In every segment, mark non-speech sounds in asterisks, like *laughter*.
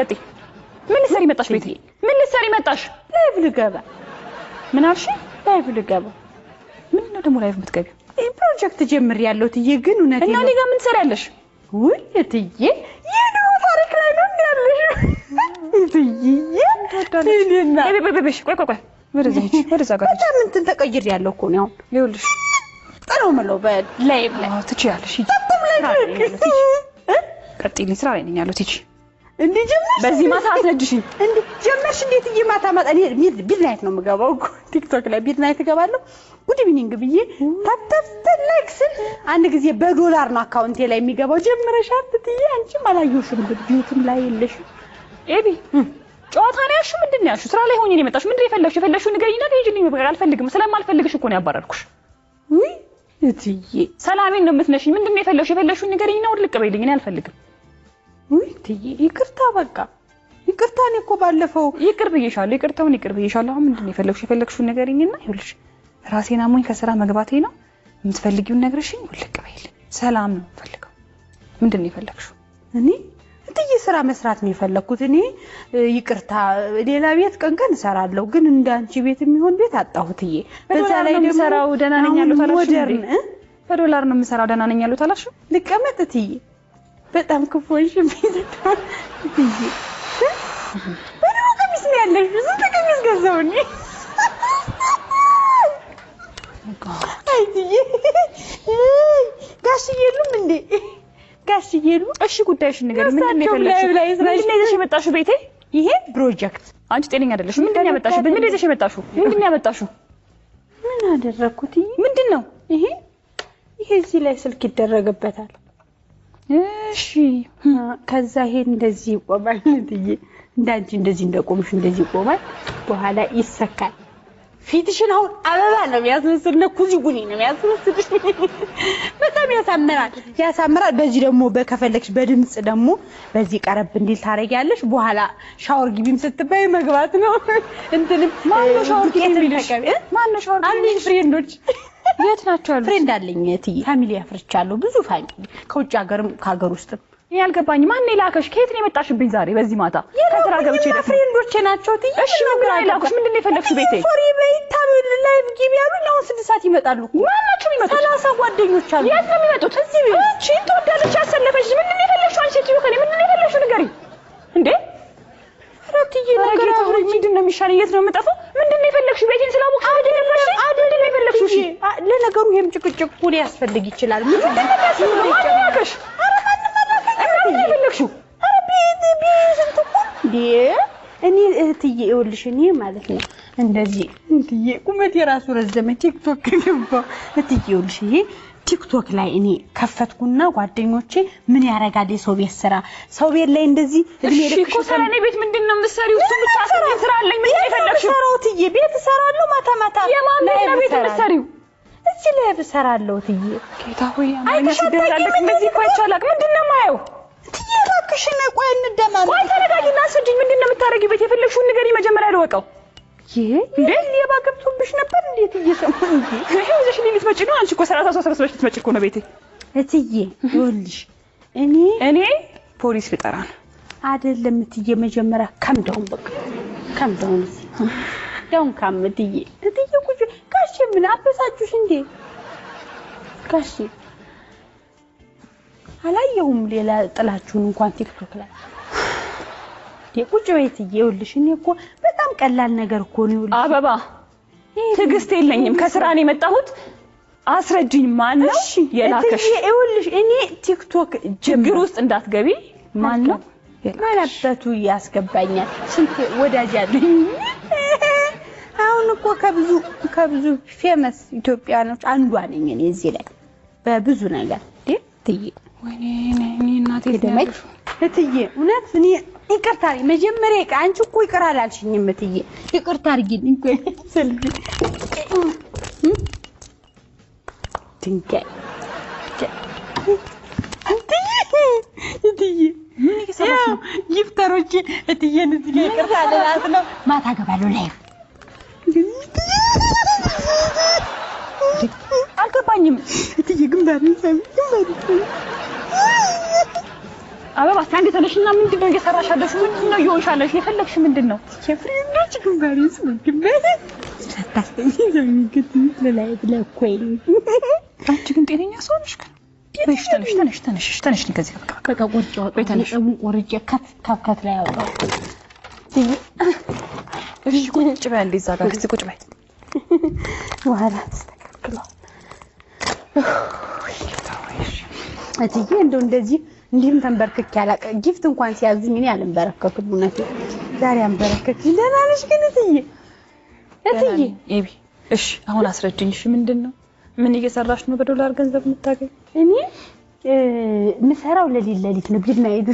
ቀጥይ። ምን ልትሰሪ መጣሽ? ቤት ምን ልትሰሪ መጣሽ? ላይቭ ልገባ። ምን አልሽ? ላይቭ ልገባ። ምን ነው ደግሞ ላይቭ የምትገቢው? ፕሮጀክት ጀምር ያለው ትዬ፣ ግን ነው። እና እኔ ጋር ምን ትሰሪያለሽ? ውይ ትዬ፣ የድሮ ታሪክ ላይ ነው ያለሽ ትዬ። ቆይ ቆይ ቆይ፣ ወደዛ ሂጂ፣ ወደዛ ጋር በጣም እንትን ተቀይር ያለው እኮ ነው። አሁን ይኸውልሽ ጥለው መለው በላይቭ ላይ ትችያለሽ። ሂጂ፣ ቀጥይ። ስራ ላይ ነኝ ያለው ሂጂ እንዴ ጀመርሽ? በዚህ ማታ አስነድሽ እንዴ ጀመርሽ? እንዴት ይሄ ማታ ማታ እኔ ሚድ ናይት ነው የምገባው እኮ ቲክቶክ ላይ ሚድ ናይት እገባለሁ። ጉድ ኢቭኒንግ ብዬ ታታፍተ ላይክ ስል አንድ ጊዜ በዶላር ነው አካውንቴ ላይ የሚገባው። ጀመረሽ አትትዬ አንቺም አላየሁሽም፣ ቢዩቲም ላይ የለሽም። ኤቢ ጨዋታ ነው ያልሽው? ምንድን ነው ያልሽው? ስራ ላይ ሆኜ ነው የመጣሽው። ምንድን ነው የፈለግሽው? የፈለግሽው ንገሪና ትሄጂልኝ። በቃ አልፈልግም። ስለማልፈልግሽ እኮ ነው ያባረርኩሽ። እትዬ ሰላሜን ነው የምትነሽኝ። ምንድን ነው የፈለግሽው? የፈለግሽውን ንገሪኝና ውልቅ በይልኝ። እኔ አልፈልግም ትዬ ይቅርታ በቃ ይቅርታ። እኔ እኮ ባለፈው ይቅር ብዬሻለሁ፣ ይቅርታውን ይቅር ብዬሻለሁ። አሁን ምንድን ነው የፈለግሽው? የፈለግሽውን ንገሪኝና ይኸውልሽ፣ ራሴን አሞኝ ከስራ መግባቴ ነው የምትፈልጊውን ነግረሽኝ ውልቅ በይል። ሰላም ነው የምፈልገው። ምንድን ነው የፈለግሽው? እኔ እትዬ ስራ መስራት ነው የፈለግኩት። እኔ ይቅርታ፣ ሌላ ቤት ቀን ቀን እሰራለሁ፣ ግን እንደ አንቺ ቤት የሚሆን ቤት አጣሁት እትዬ። በዛ ላይ ደግሞ ደህና ነኝ ያሉት አላልሽም? በዶላር ነው የምሰራው ደህና ነኝ ያሉት አላልሽም? ልቀመጥ እትዬ በጣም ክፎሽ በደሞ ቀሚስ ነው ያለሽ። ስንት ቀሚስ ገዛው ጋሽዬ የሉም እንዴ? ጋሽዬ የሉም። እሺ ጉዳይሽ ንገሪኝ። ምንድን ነው ይዘሽ የመጣሽው? ቤቴ ይሄ ፕሮጀክት። አንቺ ጤነኛ አይደለሽ። ምንድን ነው ያመጣሽው? ምንድን ነው ይዘሽ የመጣሽው? ምንድን ነው ያመጣሽው? ምን አደረግኩት? ምንድን ነው ይሄ? ይሄ እዚህ ላይ ስልክ ይደረግበታል እሺ ከዛ ይሄ እንደዚህ ይቆማል። እንትዬ እንዳንቺ እንደዚህ እንደቆምሽ እንደዚህ ይቆማል። በኋላ ይሰካል። ፊትሽን አሁን አበባ ነው የሚያስመስል፣ ኩዚ ጉኒ ነው የሚያስመስል። በጣም ያሳምራል፣ ያሳምራል። በዚህ ደግሞ በከፈለግሽ በድምፅ ደግሞ በዚህ ቀረብ እንዲል ታረጊያለሽ። በኋላ ሻወር ግቢም ስትባይ መግባት ነው። እንትንም ማነው ሻወር ግቢ የሚልሽ? ማነው ሻወር ግቢ ፍሬንዶች የት ናቸው ያሉት? ፍሬንድ አለኝ እህትዬ፣ ፋሚሊ ያፍርቻለሁ፣ ብዙ ፋሚሊ ከውጭ ሀገርም ከሀገር ውስጥም። እኔ ያልገባኝ ማን ላከሽ? ከየት ነው የመጣሽብኝ ዛሬ በዚህ ማታ? ከስራ ገብቼ ፍሬንዶቼ ናቸው እትዬ። እሺ ምን ላኩሽ? ምንድን ነው የፈለግሽው? ቤቴ ሶሪ በይታ ላይ ግቢ ያሉኝ አሁን ስድስት ሰዓት ይመጣሉ። ማናቸው የሚመጡት? ሰላሳ ጓደኞች አሉ። የት ነው የሚመጡት? እዚህ ቤት። አንቺ ትወዳለች ያሰለፈች። ምንድን ነው የፈለግሽው? አንቺ ትዩ ከኔ ምንድን ነው የፈለግሽው? ንገሪኝ እንዴ እትዬ ነገር አብረኝ። ምንድን ነው የሚሻለው? የት ነው የምጠፋው? ምንድን ነው የፈለግሽው? ቤቴን ስላወቅሽ ምንድን ነው የፈለግሽው? እሺ፣ ለነገሩ ይሄም ጭቅጭቅ ሁሌ ያስፈልግ ይችላል። ምንድን ነው ምንድን ነው የሚያስፈልግሽ? እኔ እህትዬ ይኸውልሽ፣ እኔ ማለት ነው እንደዚህ እህትዬ ቁመት የራሱ ረዘመ። ቲክቶክ ገባ እህትዬ ይኸውልሽ ይሄ ቲክቶክ ላይ እኔ ከፈትኩና ጓደኞቼ ምን ያረጋል የሰው ቤት ስራ ሰው ቤት ላይ እንደዚህ እድሜ ልክ ቤት ምንድን ነው የምትሰሪው? እሱ ብቻ ሰራ ስራ አለኝ። ምን ይፈልግሽ? ስራው ትዬ ቤት እሰራለሁ። ማታ ማታ የማን ቤት የምትሰሪው? እዚህ ላይ ብሰራለሁ ትዬ። ጌታ ሆይ አይሽ ደላለክ እንደዚህ እኮ አይቻላል። ምንድን ነው የማየው ትዬ? እባክሽን ቆይ እንደማን ቆይ ተረጋጊና ስጂኝ። ምንድን ነው የምታረጊው? ቤት የፈለግሽውን ንገሪኝ መጀመሪያ ልወቀው ይሄ እንዴ ሌባ ገብቶብሽ ነበር? እንዴት እየሰማ እንጂ ይሄ ይዘሽ ሊሊት መጪ ነው። አንቺ እኮ ሰላሳ ሰው ሰብስበሽ ልትመጪ እኮ ነው ቤቴ። እትዬ ይኸውልሽ፣ እኔ እኔ ፖሊስ ልጠራ ነው አይደለም እትዬ። መጀመሪያ ከምደውን በቃ ከምደውን ደውን ካም እትዬ እትዬ ቁጭ ጋሼ፣ ምን አበሳችሁሽ እንዴ ጋሼ? አላየሁም ሌላ ጥላችሁን እንኳን ቲክቶክ ላይ ቁጭ በይትዬ፣ ይኸውልሽ እኔ እኮ በጣም ቀላል ነገር እኮ ነው። ይኸውልሽ አበባ፣ ትዕግስት የለኝም ከስራ ነው የመጣሁት። አስረጅኝ ማን ነው የላከሽ? ይኸውልሽ እኔ ቲክቶክ ችግር ውስጥ እንዳትገቢ። ማን ነው ማለበቱ ያስገባኛል። ስንት ወዳጅ አለኝ። *laughs* አሁን እኮ ከብዙ ከብዙ ፌመስ ኢትዮጵያኖች አንዷ ነኝ እኔ እዚህ ላይ በብዙ ነገር እትዬ፣ ወይኔ እኔ እናቴ እትዬ እውነት እኔ ይቅርታ መጀመሪያ አንቺ እኮ ይቅር አላልሽኝም እትዬ፣ ይቅርታ አድርጊልኝ። ይፍጠሮች እትዬን እዚህ ላይ ይቅርታ ልላት ነው። ማታ እገባለሁ ላይ አልገባኝም እትዬ ግንባር ግንባር አበባ እስኪ አንዴ ተነሽ እና ምንድን ነው እየሰራሽ ያለሽ? ምንድን ነው እየሆንሽ የፈለግሽ ምንድን ነው? የፍሬንዶች ግንባሬስ አንቺ ግን ጤነኛ ሰው ነሽ ተነሽ ከዚህ ቆርጬ ቆርጬ ላይ ቁጭ በይ እዛ ጋር ቁጭ በይ እትዬ እንደው እንደዚህ እንዲህም ተንበርክክ ያላቀ ጊፍት እንኳን ሲያዙኝ እኔ አልንበረከኩም። እውነት ዛሬ አንበረከክ። ደህና ነሽ ግን እትዬ? እትዬ ኤቢ፣ እሺ አሁን አስረጅኝ። እሺ ምንድን ነው? ምን እየሰራሽ ነው? በዶላር ገንዘብ የምታገኝ? እኔ ምሰራው ለሊት ለሊት ነው። ቢድና ሄዱ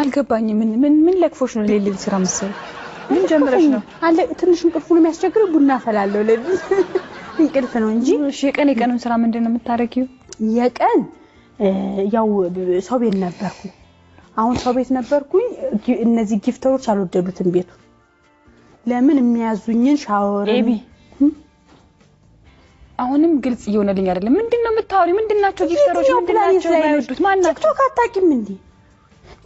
አልገባኝ። ምን ምን ምን ለክፎሽ ነው ሌሊት ስራ መስራት? ምን ጀምረሽ ነው? አለ ትንሽ እንቅልፍ ነው የሚያስቸግረው። ቡና ፈላለው ለሊት *laughs* እንቅልፍ ነው እንጂ። እሺ የቀን የቀኑን ስራ ምንድን ነው የምታረጊው? የቀን ያው ሰው ቤት ነበርኩ አሁን ሰው ቤት ነበርኩኝ። እነዚህ ጊፍተሮች አልወደዱትም ቤቱ። ለምን የሚያዙኝን ሻወር ኤቢ አሁንም ግልጽ እየሆነልኝ አይደለም። ምንድን ነው የምታወሪው? ምንድን ናቸው ጊፍተሮች? ምንድን ናቸው የማይወዱት? ማን ናቸው? ቲክቶክ አታውቂም እንዴ?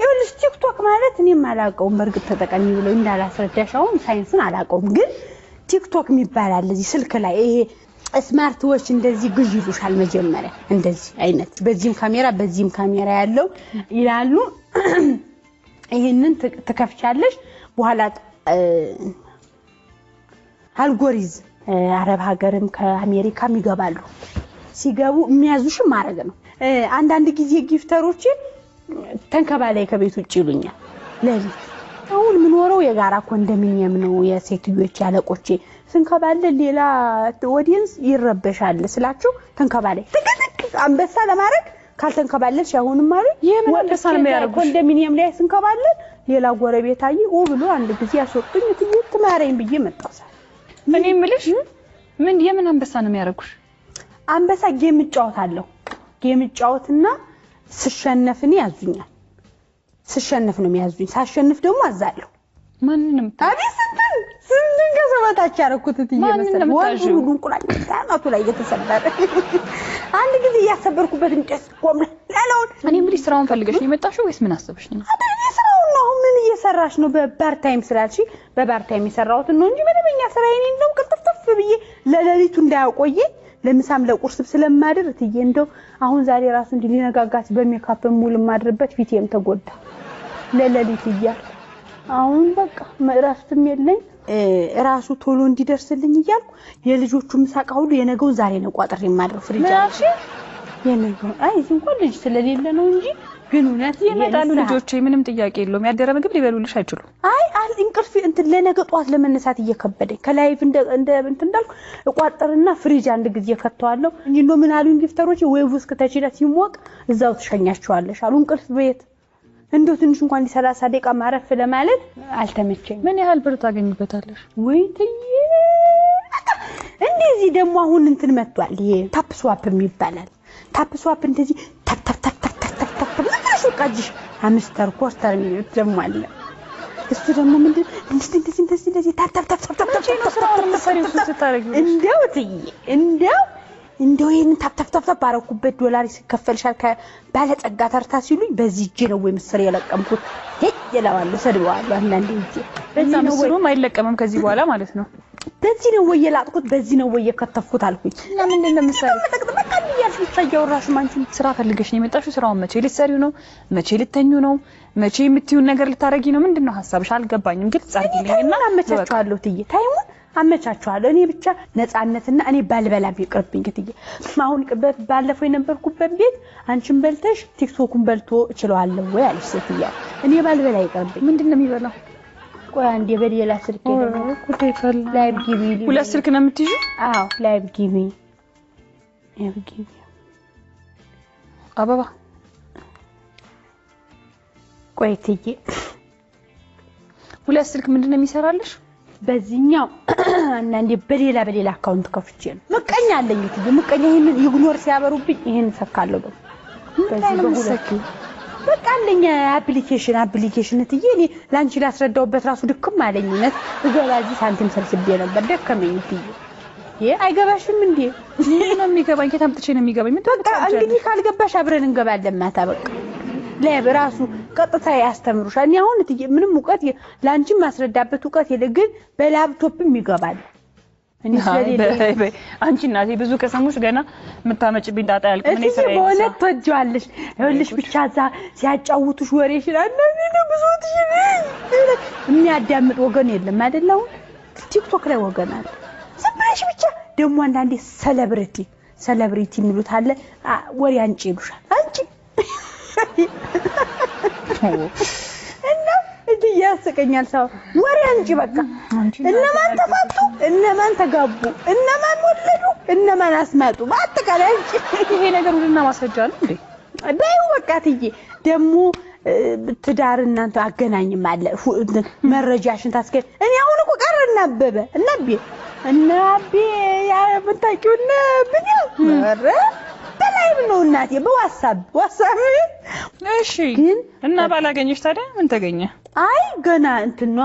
ይኸውልሽ ቲክቶክ ማለት እኔም አላውቀውም። በእርግጥ ተጠቃሚ ብለው እንዳላስረዳሽ አሁን ሳይንሱን አላውቀውም፣ ግን ቲክቶክ የሚባል አለ እዚህ ስልክ ላይ ይሄ ስማርትዎች እንደዚህ ግዥ ይሉሻል መጀመሪያ። እንደዚህ አይነት በዚህም ካሜራ በዚህም ካሜራ ያለው ይላሉ። *clears throat* ይህንን ትከፍቻለሽ በኋላ አልጎሪዝ አረብ ሀገርም ከአሜሪካም ይገባሉ። ሲገቡ የሚያዙሽም ማድረግ ነው። አንዳንድ ጊዜ ጊፍተሮች ተንከባላይ ከቤት ውጭ ይሉኛል። ለሊት አሁን የምኖረው የጋራ ኮንዶሚኒየም ነው። የሴትዮች ያለቆቼ ስንከባለን ሌላ ኦዲየንስ ይረበሻል ስላችሁ ተንከባላይ ጥቅጥቅ አንበሳ ለማድረግ ካልተንከባለልሽ አሁንም ማለት ኮንዶሚኒየም ላይ ስንከባለን ሌላ ጎረቤት አይ ኦ ብሎ አንድ ጊዜ ያስወጡኝ እትዬ ትማረኝ ብዬ መጣውሳል። እኔ ምልሽ ምን የምን አንበሳ ነው የሚያደርጉሽ? አንበሳ ጌም እጫወታለሁ። ጌም እጫወትና ስሸነፍ እኔ ያዙኛል። ስሸነፍ ነው የሚያዙኝ። ሳሸንፍ ደግሞ አዛለሁ። ማንንም ታዲያ ስንትን ከሰበታች ያረኩት እየመሰለ ወንዱ ሁሉ እንቁላል ላይ እየተሰበረ *laughs* አንድ ጊዜ እያሰበርኩበት እኔ እንግዲህ ስራውን ፈልገሽ ነው የመጣሽው ወይስ ምን ነው? እየሰራሽ ነው? ታይም ስላልሽ በፓርት ታይም የሰራሁትን ነው እንጂ መደበኛ ስራ ነው። ነው። ቅጥፍጥፍ ብዬ ለሌሊቱ እንዳያቆየ ለምሳም ለቁርስ ስለማድር እትዬ እንደው አሁን ዛሬ ራሱ እንዲህ ሊነጋጋት በሜካፕ ሙሉ ማድርበት ፊቴም ተጎዳ ለሌሊት እያል አሁን በቃ እረፍትም የለኝ እራሱ ቶሎ እንዲደርስልኝ እያልኩ የልጆቹ ምሳቃ ሁሉ የነገውን ዛሬ ነው ቋጥሬ የማድረው ፍሪጅ አለ። የነገውን አይ እዚህ እንኳን ልጅ ስለሌለ ነው እንጂ ግን እውነት ይመጣሉ ልጆቼ፣ ምንም ጥያቄ የለውም። ያደረ ምግብ ሊበሉልሽ አይችሉም። አይ አል እንቅልፍ እንትን ለነገ ጠዋት ለመነሳት እየከበደኝ ከላይፍ እንደ እንደ እንትን እንዳልኩ እቋጥርና ፍሪጅ አንድ ጊዜ ከተዋለሁ እንጂ ምን አሉኝ ጊፍተሮች፣ ወይ ቡስክ ተችላ ሲሞቅ እዛው ትሸኛቸዋለሽ አሉ እንቅልፍ ቤት እንደው ትንሽ እንኳን ሰላሳ ደቂቃ ማረፍ ለማለት አልተመቸኝ። ምን ያህል ብር ታገኝበታለሽ? ወይ ትዬ እንደዚህ ደግሞ አሁን እንትን መጥቷል። ይሄ ታፕ ስዋፕ ይባላል። ታፕ ስዋፕ እንደዚህ ቃጅሽ አምስተር ኮስተር የሚሉት ደግሞ አለ። እሱ ደግሞ ምንድን እንደዚህ እንደዚህ እንደዚህ እንደዚህ እንደው ይሄንን ታፍታፍታፍ ባረኩበት ዶላር ይከፈልሻል ባለጸጋ ተርታ ሲሉኝ በዚህ እጄ ነው ወይ ምስር የለቀምኩት ሄድ እለዋለሁ፣ ሰድበዋለሁ። አንዳንዴ እጄ በዛ ምስሩም አይለቀምም ከዚህ በኋላ ማለት ነው። በዚህ ነው ወይ የላጥኩት፣ በዚህ ነው ወይ የከተፍኩት አልኩኝ። ለምንድን ነው የምትሰሪው? በቃ እያልሽ ብታያው እራሱ ማንቺን ስራ ፈልገሽ ነው የመጣሽው። ስራውን መቼ ልትሰሪው ነው? መቼ ልተኙ ነው? መቼ የምትዩን ነገር ልታረጊ ነው? ምንድን ነው ሀሳብሽ? አልገባኝም። ግልጽ አድርጊልኝና መቻቸዋለሁ። ትዬ ታይሙን አመቻቸዋለሁ። እኔ ብቻ ነፃነትና እኔ ባልበላም ይቅርብኝ። ክትዬ አሁን ባለፈው የነበርኩበት ቤት አንቺን በልተሽ ቲክቶኩን በልቶ እችለዋለሁ ወይ አለች ሴትዮዋ። እኔ ባልበላ ይቅርብኝ። ምንድን ነው የሚበላው? ቆይ አንዴ በሌላ ስልክ ላይብ ጊቪ። ሁለት ስልክ ነው የምትይዙ? አዎ ላይብ ግቢ። አበባ ቆይ ትዬ ሁለት ስልክ ምንድን ነው የሚሰራልሽ? በዚህኛው አንዳንዴ *clears throat* በሌላ በሌላ አካውንት ከፍቼ ነው። ምቀኛ አለኝ እኮ ምቀኛ። ይሄን ይግኖር ሲያበሩብኝ ይሄን ሰካለው ሰካለሁ። በቃ አለኝ አፕሊኬሽን አፕሊኬሽን እትዬ እኔ ላንቺ ላስረዳውበት ራሱ ድክም አለኝ። እውነት እገባ እዚህ ሳንቲም ሰብስቤ ነበር ደከመኝ እትዬ። ይሄ አይገባሽም እንዴ? ነው የሚገባኝ። ከታምጥቼ ነው የሚገባኝ። በቃ እንግዲህ ካልገባሽ አብረን እንገባለን ማታ በቃ ላይ ራሱ ቀጥታ ያስተምሩሻል። እኔ አሁን ምንም እውቀት ለአንቺ ማስረዳበት እውቀት የለ፣ ግን በላፕቶፕም ይገባል። አንቺ እናቴ ብዙ ከሰሙሽ ገና የምታመጭብኝ ጣጣ ያልኩት እኔ ስራ በእውነት ትወጂዋለሽ። ይኸውልሽ ብቻ እዛ ሲያጫውቱሽ ወሬ ይችላል ብዙ የሚያዳምጥ ወገን የለም አይደል? አሁን ቲክቶክ ላይ ወገን አለ። ዝም ብለሽ ብቻ ደግሞ አንዳንዴ ሰለብሪቲ ሰለብሪቲ የሚሉት አለ ወሬ አንቺ ይሉሻል አንቺ እና እንዲህ ያስቀኛል። ሰው ወሬ አንቺ በቃ እነማን ተፋቱ፣ እነማን ተጋቡ፣ እነማን ወለዱ፣ እነማን አስመጡ፣ በአጠቃላይ አንቺ ይሄ ነገር ሁሉና ማስረጃ ነው እንዴ? በይው በቃ ትዬ ደግሞ ትዳር እናንተ አገናኝም አለ መረጃሽን ታስገኝ። እኔ አሁን እኮ ቀረ እናበበ እናቤ እናቤ ያ የምታውቂውን ብኛ በዋይብ ነው እናቴ፣ በዋትሳፕ ዋትሳፕ። እሺ ግን እና ባላገኘሽ ታዲያ ምን ተገኘ? አይ ገና እንትኗ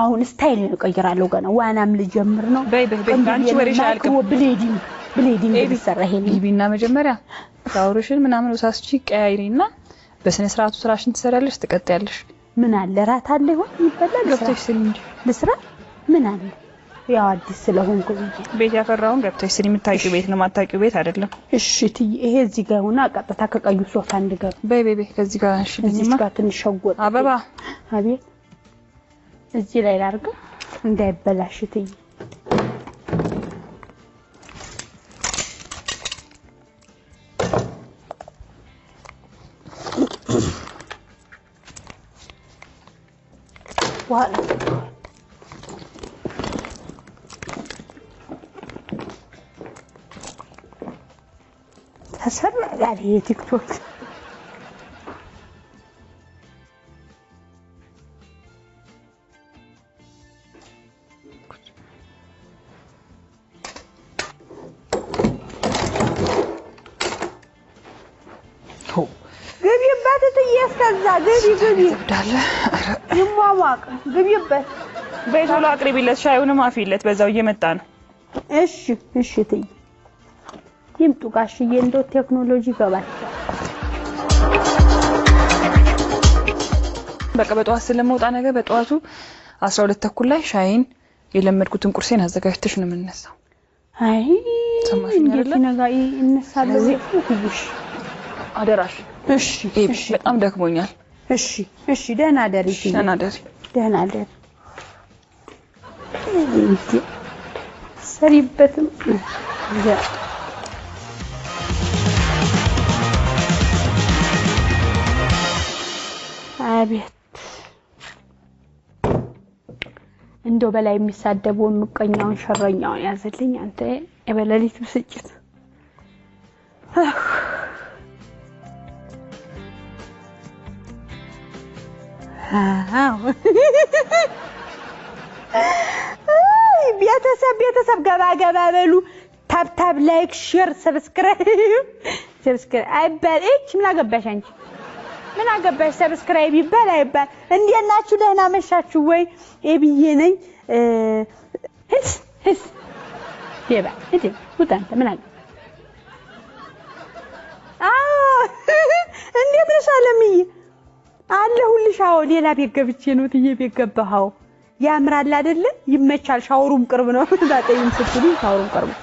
አሁን ስታይል ነው እቀይራለሁ። ገና ዋናም ልጀምር ነው። በይ በይ በይ፣ አንቺ ወሬሽ አያልቅም። ብሌዲንግ ብሌዲንግ ይሰራ ይሄን ይቢና መጀመሪያ ታውሩሽን ምናምን ወሳስቺ ቀያይሪና በስነ ስርዓቱ ስራሽን ትሰሪያለሽ፣ ትቀጥያለሽ። ምን አለ ራት አለ ይሆን ይበላል። ገብቶሽ ስል እንጂ ልስራ ምን አለ ያው አዲስ ስለሆንኩ ቤት ያፈራውን ገብተሽ ስሪ። የምታውቂው ቤት ነው የማታውቂው ቤት አይደለም። እሺ እትዬ፣ ይሄ እዚህ ጋር ሆና ቀጥታ ከቀዩ ሶፋ እንድገባ በይ በይ በይ። ከዚህ ጋር እሺ፣ እዚህ ጋር ትንሽ ሸጎጥ አበባ። አቤት፣ እዚህ ላይ ላርገ እንዳይበላሽ እትዬ። *clears throat* ዋላ ተሰራል አለ የቲክቶክ ግቢበት እያስከዛ ግቢ ግቢ ይሟሟቅ ግቢበት በይ ቶሎ አቅርቢለት ሻዩንም አፊለት በዛው እየመጣ ነው እሺ እሺ እትዬ ይምጡ ጋሽዬ እንደው ቴክኖሎጂ ይገባቸዋል። በቃ በጠዋት ስለመውጣ ነገር በጠዋቱ አስራ ሁለት ተኩል ላይ ሻይን የለመድኩትን ቁርሴን አዘጋጅተሽ ነው የምንነሳው። አይ እንዴት ነገ እነሳለሁ አደራሽ። እሺ እሺ፣ በጣም ደክሞኛል። እሺ እሺ፣ ደህና አደሪ፣ ደህና አደሪ፣ ደህና አደሪ። ሰሪበትም አቤት እንዶ በላይ የሚሳደበውን ምቀኛውን ሸረኛውን ያዘልኝ። አንተ የበለሊት ብስጭት ቤተሰብ ቤተሰብ ገባ ገባ በሉ። ታብታብ ላይክ ሼር ሰብስክራይብ ሰብስክራይብ አይበል እች ምን አገባሽ አንቺ? ምን አገባሽ? ሰብስክራይብ ይባል አይባል። እንዴት ናችሁ? ደህና መሻችሁ ወይ? ኤብዬ ነኝ። ህስ ህስ ይባ እዚ ውጣ አንተ ምን አገባሽ? አዎ እንዴት ነሽ አለምዬ? አለሁልሽ። አዎ ሌላ ቤት ገብቼ ነው ትዬ ቤት ገባሁ። ያምራል አይደለ? ይመቻል። ሻወሩም ቅርብ ነው። ታጠይም ስትሉ ሻወሩም ቅርብ ነው።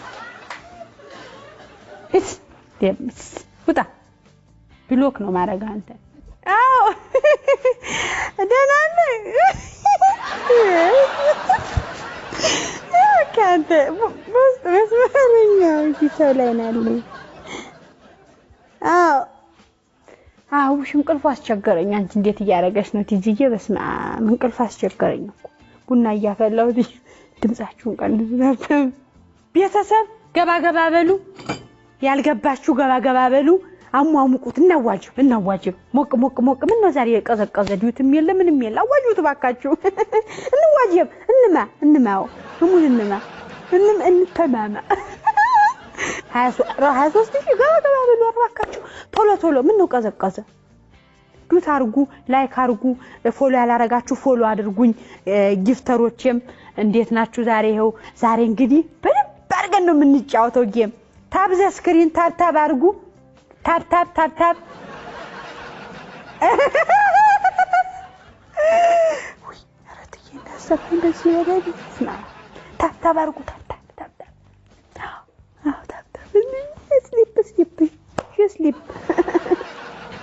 ህስ ዴባ ውጣ ብሎክ ነው ማረጋ አንተ አዎ ደህና ነህ? ከአንተ መስመረኛው ሰው ላይ ነው ያለኝ። አዎ አውሽ እንቅልፍ አስቸገረኝ። አንቺ እንዴት እያደረገች ነው ቲጂዬ? በስመ አብ እንቅልፍ አስቸገረኝ እኮ ቡና እያፈላሁት። ድምጻችሁን ቀንሱ ቤተሰብ። ገባ ገባ በሉ ያልገባችሁ ገባ ገባ በሉ። አሟሙቁት እናዋጅ እናዋጅ ሞቅ ሞቅ ሞቅ ምን ነው ዛሬ የቀዘቀዘ ዲዩትም የለ ምንም የለ አዋጁት ባካችሁ *laughs* እንዋጅም እንማ እንማው እሙን እንማ እንም እንተማማ ሀያ *laughs* ሶስት ሺህ ገባ ገባ በሉ ባካችሁ ቶሎ ቶሎ ምን ነው ቀዘቀዘ ዱት አርጉ ላይክ አርጉ ፎሎ ያላረጋችሁ ፎሎ አድርጉኝ ጊፍተሮቼም እንዴት ናችሁ ዛሬ ይኸው ዛሬ እንግዲህ በደንብ አድርገን ነው የምንጫወተው ጌም ታብዘ ስክሪን ታብታብ አርጉ tap tap tap tap. ውይ ኧረ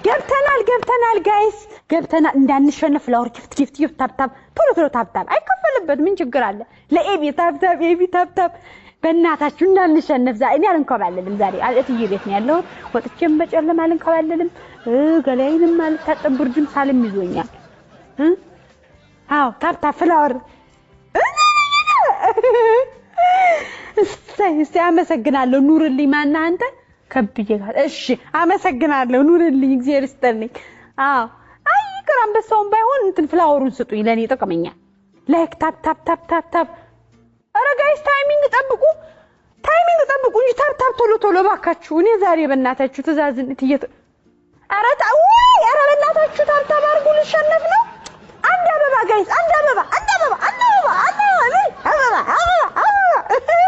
ገብተናል ገብተናል፣ ጋይስ ገብተናል። እንዳንሸነፍ ላወር ጊፍት ጊፍት ጊፍት ቶሎ ቶሎ ታፕ አይከፈልበት ምን ችግር አለ? ለኤቢ ታፕ ኤቢ ታፕ በእናታችሁ እንዳንሸነፍ ዛ እኔ አልንከባለልም። ዛሬ እትዬ ቤት ነው ያለሁት። ወጥቼም በጨለማ አልንከባለልም። ገላይንም አልታጠብ ብርድም ሳልም ይዞኛል። አዎ ታፕታ ፍላወር እስቲ አመሰግናለሁ። ኑርልኝ። ማና አንተ ከብዬ ጋር እሺ፣ አመሰግናለሁ። ኑርልኝ። እግዚአብሔር ይስጥልኝ። አዎ አይ፣ አንበሳውን ባይሆን እንትን ፍላወሩን ስጡኝ፣ ለእኔ ጠቅመኛል። ላይክ ታፕ ታፕ ታፕ ታፕ ኧረ ጋይስ ታይሚንግ ጠብቁ፣ ታይሚንግ ጠብቁ እንጂ ታብታብ ቶሎ ቶሎ ባካችሁ። እኔ ዛሬ በእናታችሁ ትእዛዝነት እየተ ኧረ ተው፣ ኧረ በእናታችሁ ታብታብ አድርጉ። ልሸነፍ ነው። አንድ አበባ ጋይስ፣ አንድ አበባ፣ አንድ አበባ፣ አንድ አበባ፣ አንድ አበባ፣ አበባ፣ አበባ አበባ።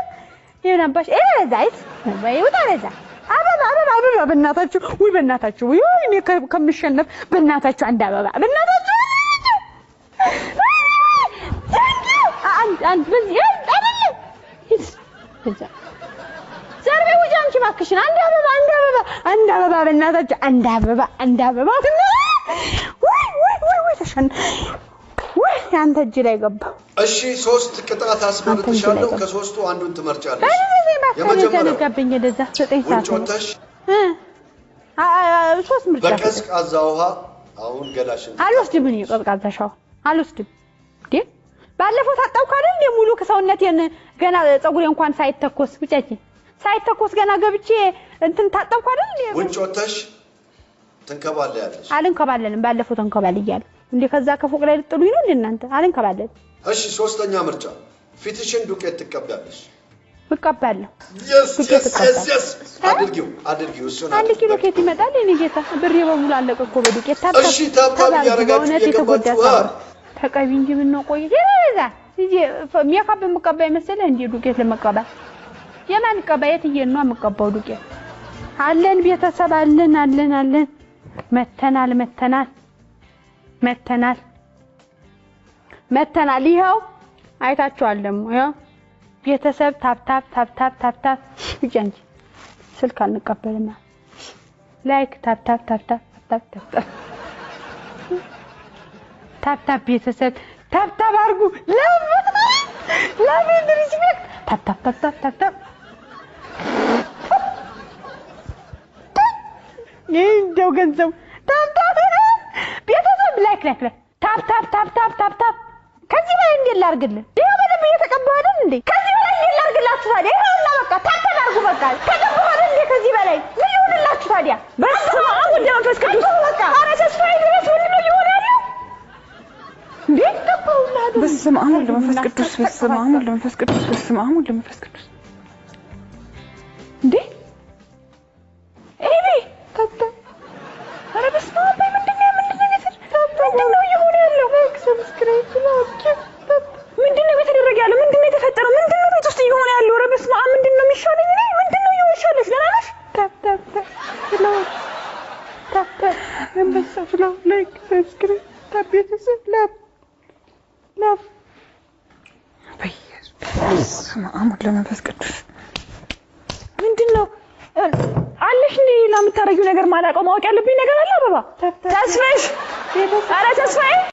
ይሁን አባሽ። ኧረ ጋይስ ወይ ወጣ ረዛ አበባ አበባ አበባ በእናታችሁ ውይ፣ በእናታችሁ ውይ፣ እኔ ከምሸነፍ በእናታችሁ አንድ አበባ በእናታችሁ አንድ አንድ በዚህ በእናታችሁ አንድ አበባ አንድ አበባ ወይ አንተ እጅ ላይ ገባ። እሺ ሶስት ቅጣት አስመርጥሻለሁ። ከሶስቱ አንዱን ትመርጫለሽ። የዘነጋብኝ ወደዛ ዘጠኝ ሰዓት ሶስት ምርጫ በቀዝቃዛ ውሃ አሁን ገላሽን አልወስድም። እኔ ቀዝቃዛ ሻወር አልወስድም። ባለፈው ታጠብኩ አይደል ሙሉ ከሰውነቴን ገና ፀጉሬ እንኳን ሳይተኮስ ውጫችን ሳይተኮስ ገና ገብቼ እንትን ታጠብኩ አይደል? ውጭ ወተሽ ትንከባለ ያለሽ አልንከባለንም። ባለፈው ተንከባል እያሉ እንዴ ከዛ ከፎቅ ላይ ልጥሉኝ ነው እንዴ እናንተ አልንከባለን። እሺ ሶስተኛ ምርጫ ፊትሽን ዱቄት ትቀቢያለሽ። እቀባለሁ። አድርጊው አድርጊው። እሱን አንድ ኪሎ ኬት ይመጣል። እኔ ጌታ ብሬ በሙሉ አለቀ እኮ በዱቄት ታታ። እሺ ታብታብ እያደረጋችሁ የተጎዳ ተቀቢ እንጂ ምነው ቆይ ይዛ ይዜ ሜካፕ የምቀባ ይመስልህ እንዴ ዱቄት ለመቀባት የማን ቀባ የትዬን ነው የምቀባው ዱቄት? አለን ቤተሰብ አለን አለን አለን መተናል መተናል መተናል መተናል። ይኸው አይታችኋል ደግሞ ያው ቤተሰብ ታብታብ ታብታብ ታብታብ ይጨንጭ ስልክ አንቀበልና ላይክ ታብታብ ታብታብ ታብታብ ታብታብ ቤተሰብ ታብታብ አድርጉ ለምን ለምን ሪስፔክት ታብታብ ታብታብ ታብታብ ነው ገንዘቡ። ታፕታፕ ቤተሰብ ላይክ ላይክ ላይክ ታፕ ታፕ ታፕ ታፕ ታፕ ታፕ። ከዚህ በላይ እንዴት ላድርግልህ? ይሄ በደንብ እየተቀባሁ አይደል እንዴ? ከዚህ በላይ እንዴት ላድርግላችሁ ታዲያ? ይሄውና በቃ ታፕ ታርጉ በቃ ተቀባሁ አይደል እንዴ? ከዚህ በላይ ምን ይሆንላችሁ ታዲያ? በስመ አብ ወወልድ ወመንፈስ ቅዱስ በቃ ኧረ ተስፋዬ ድረስ ምንድን ነው እየሆነ ያለው እንዴ? ተቀባሁና በስመ አብ ወወልድ ወመንፈስ ቅዱስ በስመ አብ ወወልድ ወመንፈስ ቅዱስ በስመ አብ ወወልድ ወመንፈስ ቅዱስ